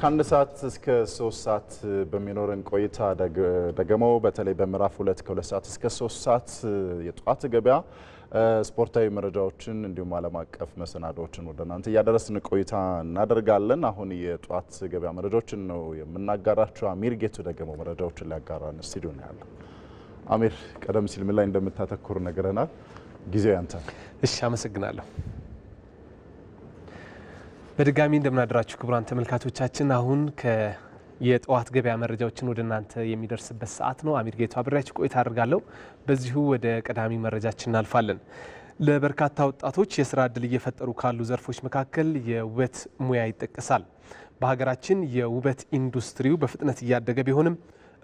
ከአንድ ሰዓት እስከ ሶስት ሰዓት በሚኖረን ቆይታ ደግሞ በተለይ በምዕራፍ ሁለት ከሁለት ሰዓት እስከ ሶስት ሰዓት የጠዋት ገበያ ስፖርታዊ መረጃዎችን እንዲሁም ዓለም አቀፍ መሰናዶዎችን ወደ እናንተ እያደረስን ቆይታ እናደርጋለን። አሁን የጠዋት ገበያ መረጃዎችን ነው የምናጋራቸው። አሚር ጌቱ ደግሞ መረጃዎችን ሊያጋራን ስቱዲዮ ነው ያለው። አሚር፣ ቀደም ሲል ምን ላይ እንደምታተኩር ነግረናል። ጊዜው ያንተ። እሺ፣ አመሰግናለሁ። በድጋሚ እንደምናደራችሁ ክቡራን ተመልካቾቻችን፣ አሁን የጠዋት ገበያ መረጃዎችን ወደ እናንተ የሚደርስበት ሰዓት ነው። አሚር ጌቱ አብሬያችሁ ቆይታ አድርጋለሁ። በዚሁ ወደ ቀዳሚ መረጃችን እናልፋለን። ለበርካታ ወጣቶች የስራ እድል እየፈጠሩ ካሉ ዘርፎች መካከል የውበት ሙያ ይጠቀሳል። በሀገራችን የውበት ኢንዱስትሪው በፍጥነት እያደገ ቢሆንም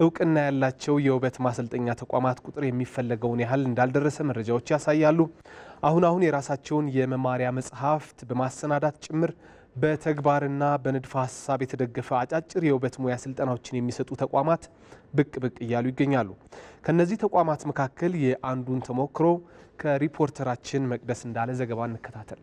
እውቅና ያላቸው የውበት ማሰልጠኛ ተቋማት ቁጥር የሚፈለገውን ያህል እንዳልደረሰ መረጃዎች ያሳያሉ። አሁን አሁን የራሳቸውን የመማሪያ መጽሐፍት በማሰናዳት ጭምር በተግባርና በንድፈ ሀሳብ የተደገፈ አጫጭር የውበት ሙያ ስልጠናዎችን የሚሰጡ ተቋማት ብቅ ብቅ እያሉ ይገኛሉ። ከነዚህ ተቋማት መካከል የአንዱን ተሞክሮ ከሪፖርተራችን መቅደስ እንዳለ ዘገባ እንከታተል።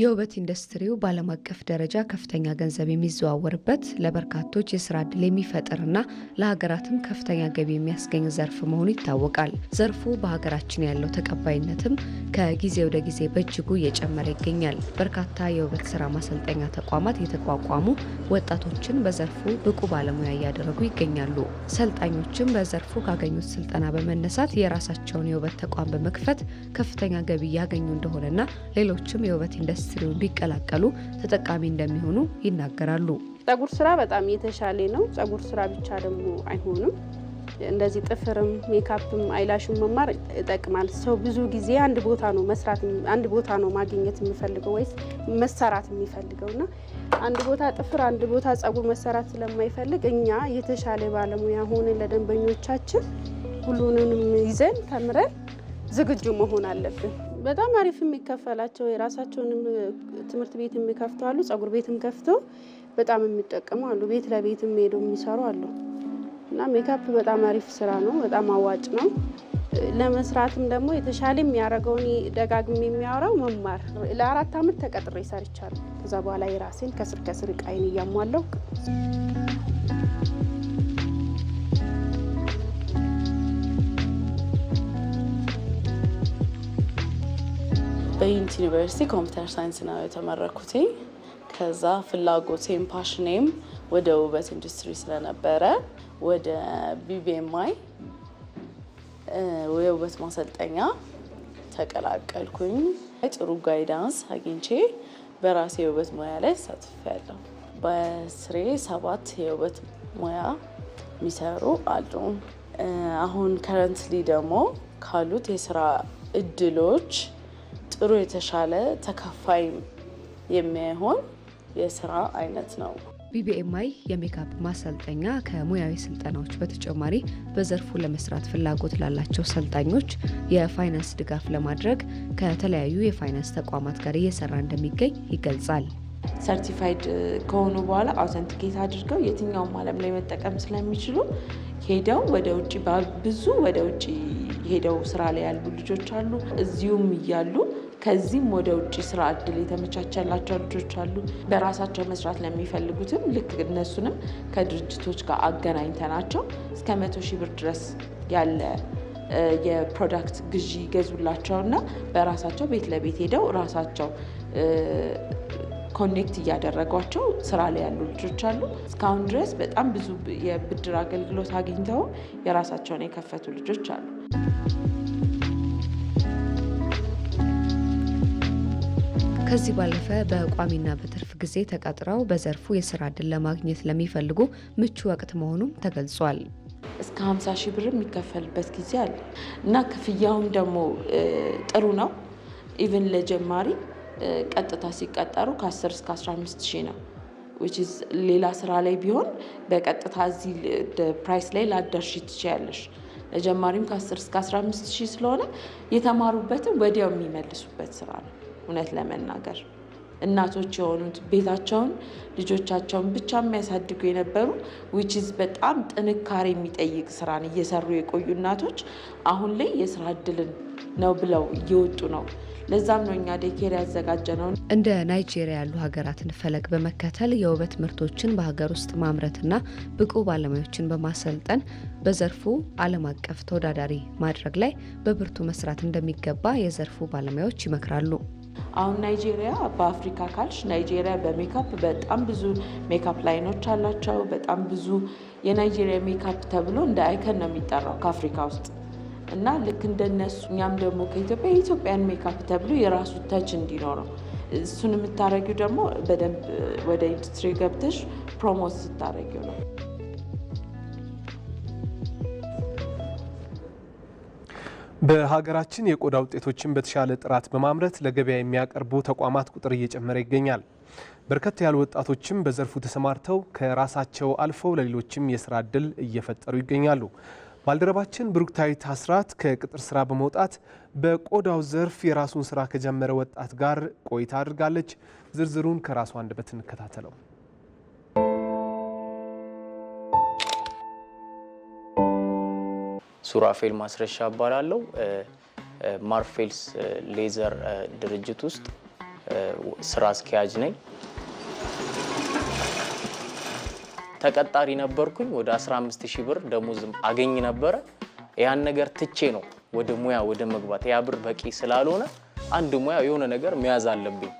የውበት ኢንዱስትሪው በዓለም አቀፍ ደረጃ ከፍተኛ ገንዘብ የሚዘዋወርበት ለበርካቶች የስራ ዕድል የሚፈጥርና ለሀገራትም ከፍተኛ ገቢ የሚያስገኝ ዘርፍ መሆኑ ይታወቃል። ዘርፉ በሀገራችን ያለው ተቀባይነትም ከጊዜ ወደ ጊዜ በእጅጉ እየጨመረ ይገኛል። በርካታ የውበት ስራ ማሰልጠኛ ተቋማት የተቋቋሙ ወጣቶችን በዘርፉ ብቁ ባለሙያ እያደረጉ ይገኛሉ። ሰልጣኞችም በዘርፉ ካገኙት ስልጠና በመነሳት የራሳቸውን የውበት ተቋም በመክፈት ከፍተኛ ገቢ እያገኙ እንደሆነና ሌሎችም የውበት ኢንዱስትሪ ኢንዱስትሪውን ቢቀላቀሉ ተጠቃሚ እንደሚሆኑ ይናገራሉ። ጸጉር ስራ በጣም የተሻለ ነው። ጸጉር ስራ ብቻ ደግሞ አይሆንም። እንደዚህ ጥፍርም፣ ሜካፕም፣ አይላሽም መማር ይጠቅማል። ሰው ብዙ ጊዜ አንድ ቦታ ነው መስራት አንድ ቦታ ነው ማግኘት የሚፈልገው ወይስ መሰራት የሚፈልገው እና አንድ ቦታ ጥፍር፣ አንድ ቦታ ጸጉር መሰራት ስለማይፈልግ እኛ የተሻለ ባለሙያ ሆነን ለደንበኞቻችን ሁሉንም ይዘን ተምረን ዝግጁ መሆን አለብን። በጣም አሪፍ የሚከፈላቸው የራሳቸውንም ትምህርት ቤት የሚከፍቱ አሉ። ጸጉር ቤትም ከፍተው በጣም የሚጠቀሙ አሉ። ቤት ለቤት የሚሄዱ የሚሰሩ አሉ እና ሜካፕ በጣም አሪፍ ስራ ነው። በጣም አዋጭ ነው። ለመስራትም ደግሞ የተሻለ የሚያደርገውን ደጋግሜ የሚያወራው መማር። ለአራት አመት ተቀጥሬ ሰርቻለሁ። ከዛ በኋላ የራሴን ከስር ከስር እቃዬን እያሟለሁ በዩኒቲ ዩኒቨርሲቲ ኮምፒውተር ሳይንስ ነው የተመረኩት። ከዛ ፍላጎቴም ፓሽኔም ወደ ውበት ኢንዱስትሪ ስለነበረ ወደ ቢቢኤምአይ የውበት ማሰልጠኛ ተቀላቀልኩኝ። ጥሩ ጋይዳንስ አግኝቼ በራሴ የውበት ሙያ ላይ ተሳትፌያለሁ። በስሬ ሰባት የውበት ሙያ የሚሰሩ አሉ። አሁን ከረንትሊ ደግሞ ካሉት የስራ እድሎች ጥሩ የተሻለ ተከፋይ የሚሆን የስራ አይነት ነው። ቢቢኤምአይ የሜካፕ ማሰልጠኛ ከሙያዊ ስልጠናዎች በተጨማሪ በዘርፉ ለመስራት ፍላጎት ላላቸው ሰልጣኞች የፋይናንስ ድጋፍ ለማድረግ ከተለያዩ የፋይናንስ ተቋማት ጋር እየሰራ እንደሚገኝ ይገልጻል። ሰርቲፋይድ ከሆኑ በኋላ አውተንቲኬት አድርገው የትኛውም ዓለም ላይ መጠቀም ስለሚችሉ ሄደው ወደ ውጭ ብዙ ወደ ውጭ ሄደው ስራ ላይ ያሉ ልጆች አሉ። እዚሁም እያሉ ከዚህም ወደ ውጭ ስራ እድል የተመቻቸላቸው ልጆች አሉ። በራሳቸው መስራት ለሚፈልጉትም ልክ እነሱንም ከድርጅቶች ጋር አገናኝተናቸው እስከ መቶ ሺህ ብር ድረስ ያለ የፕሮዳክት ግዢ ይገዙላቸውና በራሳቸው ቤት ለቤት ሄደው ራሳቸው ኮኔክት እያደረጓቸው ስራ ላይ ያሉ ልጆች አሉ። እስካሁን ድረስ በጣም ብዙ የብድር አገልግሎት አግኝተው የራሳቸውን የከፈቱ ልጆች አሉ። ከዚህ ባለፈ በቋሚና በትርፍ ጊዜ ተቀጥረው በዘርፉ የስራ እድል ለማግኘት ለሚፈልጉ ምቹ ወቅት መሆኑም ተገልጿል። እስከ 50 ሺህ ብር የሚከፈልበት ጊዜ አለ እና ክፍያውም ደግሞ ጥሩ ነው። ኢቨን ለጀማሪ ቀጥታ ሲቀጠሩ ከ10 እስከ 15 ሺህ ነው። ሌላ ስራ ላይ ቢሆን በቀጥታ እዚህ ፕራይስ ላይ ላዳርሺ ትችያለሽ። ለጀማሪም ከ10 እስከ 15 ሺህ ስለሆነ የተማሩበትን ወዲያው የሚመልሱበት ስራ ነው። እውነት ለመናገር እናቶች የሆኑት ቤታቸውን ልጆቻቸውን ብቻ የሚያሳድጉ የነበሩ ዊችዝ በጣም ጥንካሬ የሚጠይቅ ስራን እየሰሩ የቆዩ እናቶች አሁን ላይ የስራ እድልን ነው ብለው እየወጡ ነው። ለዛም ነው እኛ ዴኬር ያዘጋጀ ነው። እንደ ናይጄሪያ ያሉ ሀገራትን ፈለግ በመከተል የውበት ምርቶችን በሀገር ውስጥ ማምረትና ብቁ ባለሙያዎችን በማሰልጠን በዘርፉ ዓለም አቀፍ ተወዳዳሪ ማድረግ ላይ በብርቱ መስራት እንደሚገባ የዘርፉ ባለሙያዎች ይመክራሉ። አሁን ናይጄሪያ በአፍሪካ ካልሽ ናይጄሪያ በሜካፕ በጣም ብዙ ሜካፕ ላይኖች አላቸው። በጣም ብዙ የናይጄሪያ ሜካፕ ተብሎ እንደ አይከን ነው የሚጠራው ከአፍሪካ ውስጥ እና ልክ እንደነሱ እኛም ደግሞ ከኢትዮጵያ የኢትዮጵያን ሜካፕ ተብሎ የራሱ ተች እንዲኖረው እሱን የምታረጊው ደግሞ በደንብ ወደ ኢንዱስትሪ ገብተሽ ፕሮሞት ስታረጊው ነው። በሀገራችን የቆዳ ውጤቶችን በተሻለ ጥራት በማምረት ለገበያ የሚያቀርቡ ተቋማት ቁጥር እየጨመረ ይገኛል። በርከት ያሉ ወጣቶችም በዘርፉ ተሰማርተው ከራሳቸው አልፈው ለሌሎችም የስራ እድል እየፈጠሩ ይገኛሉ። ባልደረባችን ብሩክታዊት አስራት ከቅጥር ስራ በመውጣት በቆዳው ዘርፍ የራሱን ስራ ከጀመረ ወጣት ጋር ቆይታ አድርጋለች። ዝርዝሩን ከራሱ አንደበት እንከታተለው። ሱራፌል ማስረሻ እባላለሁ። ማርፌልስ ሌዘር ድርጅት ውስጥ ስራ አስኪያጅ ነኝ። ተቀጣሪ ነበርኩኝ። ወደ 15 ሺህ ብር ደሞዝ አገኝ ነበረ። ያን ነገር ትቼ ነው ወደ ሙያ ወደ መግባት። ያ ብር በቂ ስላልሆነ አንድ ሙያ የሆነ ነገር መያዝ አለብኝ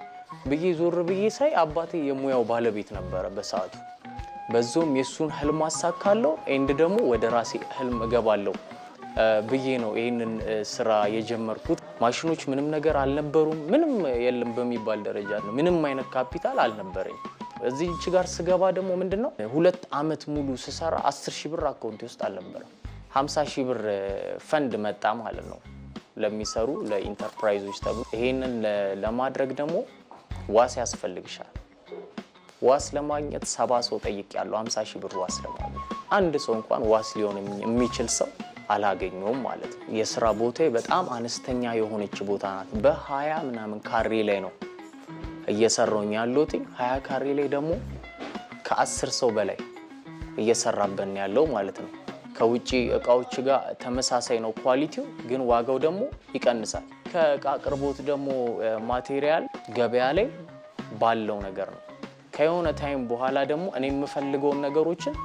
ብዬ ዞር ብዬ ሳይ አባቴ የሙያው ባለቤት ነበረ በሰዓቱ። በዞም የእሱን ህልም አሳካለሁ፣ ኤንድ ደግሞ ወደ ራሴ ህልም እገባለሁ ብዬ ነው ይህንን ስራ የጀመርኩት። ማሽኖች ምንም ነገር አልነበሩም፣ ምንም የለም በሚባል ደረጃ ነው። ምንም አይነት ካፒታል አልነበረኝ። እዚች ጋር ስገባ ደግሞ ምንድን ነው ሁለት አመት ሙሉ ስሰራ አስር ሺህ ብር አካውንቴ ውስጥ አልነበረም። ሀምሳ ሺህ ብር ፈንድ መጣ ማለት ነው ለሚሰሩ ለኢንተርፕራይዞች ተብሎ። ይሄንን ለማድረግ ደግሞ ዋስ ያስፈልግሻል። ዋስ ለማግኘት ሰባ ሰው ያለው ሀምሳ ሺህ ብር ዋስ ለማግኘት አንድ ሰው እንኳን ዋስ ሊሆን የሚችል ሰው አላገኘውም ማለት ነው። የስራ ቦታ በጣም አነስተኛ የሆነች ቦታ ናት። በሀያ ምናምን ካሬ ላይ ነው እየሰራውኝ ያለሁት። ሀያ ካሬ ላይ ደግሞ ከአስር ሰው በላይ እየሰራበን ያለው ማለት ነው። ከውጭ እቃዎች ጋር ተመሳሳይ ነው ኳሊቲው፣ ግን ዋጋው ደግሞ ይቀንሳል። ከእቃ አቅርቦት ደግሞ ማቴሪያል ገበያ ላይ ባለው ነገር ነው። ከየሆነ ታይም በኋላ ደግሞ እኔ የምፈልገውን ነገሮችን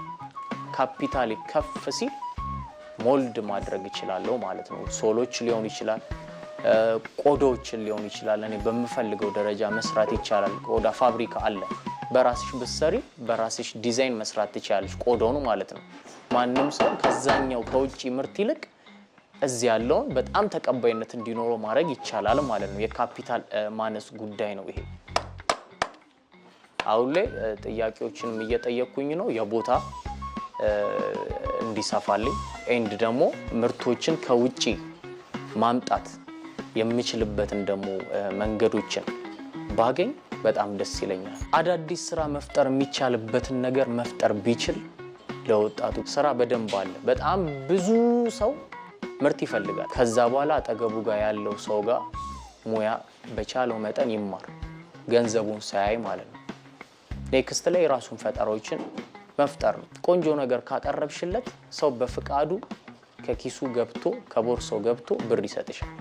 ካፒታል ከፍ ሲል ሞልድ ማድረግ እችላለሁ ማለት ነው። ሶሎች ሊሆን ይችላል፣ ቆዳዎችን ሊሆን ይችላል። እኔ በምፈልገው ደረጃ መስራት ይቻላል። ቆዳ ፋብሪካ አለ። በራስሽ ብትሰሪ በራስሽ ዲዛይን መስራት ትችላለሽ፣ ቆዳውን ማለት ነው። ማንም ሰው ከዛኛው ከውጭ ምርት ይልቅ እዚህ ያለውን በጣም ተቀባይነት እንዲኖረው ማድረግ ይቻላል ማለት ነው። የካፒታል ማነስ ጉዳይ ነው ይሄ። አሁን ላይ ጥያቄዎችንም እየጠየቅኩኝ ነው የቦታ እንዲሰፋልኝ ኤንድ ደግሞ ምርቶችን ከውጪ ማምጣት የምችልበትን ደግሞ መንገዶችን ባገኝ በጣም ደስ ይለኛል። አዳዲስ ስራ መፍጠር የሚቻልበትን ነገር መፍጠር ቢችል ለወጣቱ ስራ በደንብ አለ። በጣም ብዙ ሰው ምርት ይፈልጋል። ከዛ በኋላ አጠገቡ ጋር ያለው ሰው ጋር ሙያ በቻለው መጠን ይማር፣ ገንዘቡን ሳያይ ማለት ነው። ኔክስት ላይ የራሱን ፈጠራዎችን መፍጠር ነው። ቆንጆ ነገር ካቀረብሽለት ሰው በፍቃዱ ከኪሱ ገብቶ ከቦርሳው ገብቶ ብር ይሰጥሻል።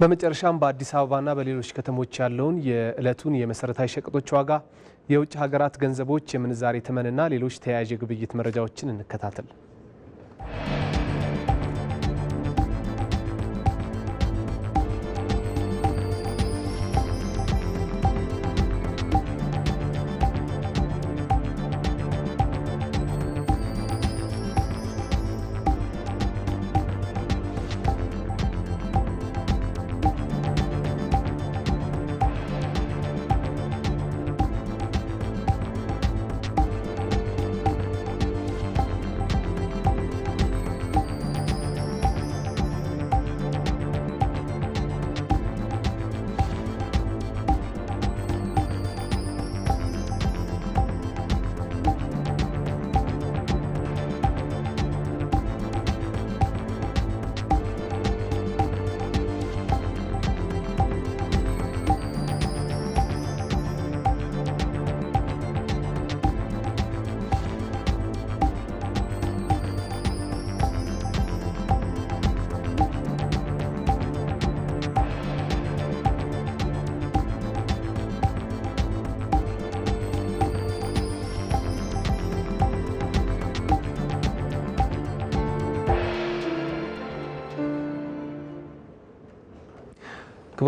በመጨረሻም በአዲስ አበባና በሌሎች ከተሞች ያለውን የዕለቱን የመሰረታዊ ሸቀጦች ዋጋ፣ የውጭ ሀገራት ገንዘቦች የምንዛሬ ተመንና ሌሎች ተያያዥ የግብይት መረጃዎችን እንከታተል።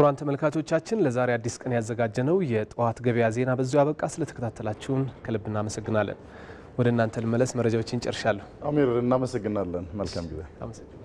ክቡራን ተመልካቾቻችን ለዛሬ አዲስ ቀን ያዘጋጀነው የጠዋት ገበያ ዜና በዚሁ አበቃ። ስለተከታተላችሁን ከልብ እናመሰግናለን። ወደ እናንተ ልመለስ። መረጃዎችን ጨርሻለሁ። አሚር እናመሰግናለን። መልካም ጊዜ።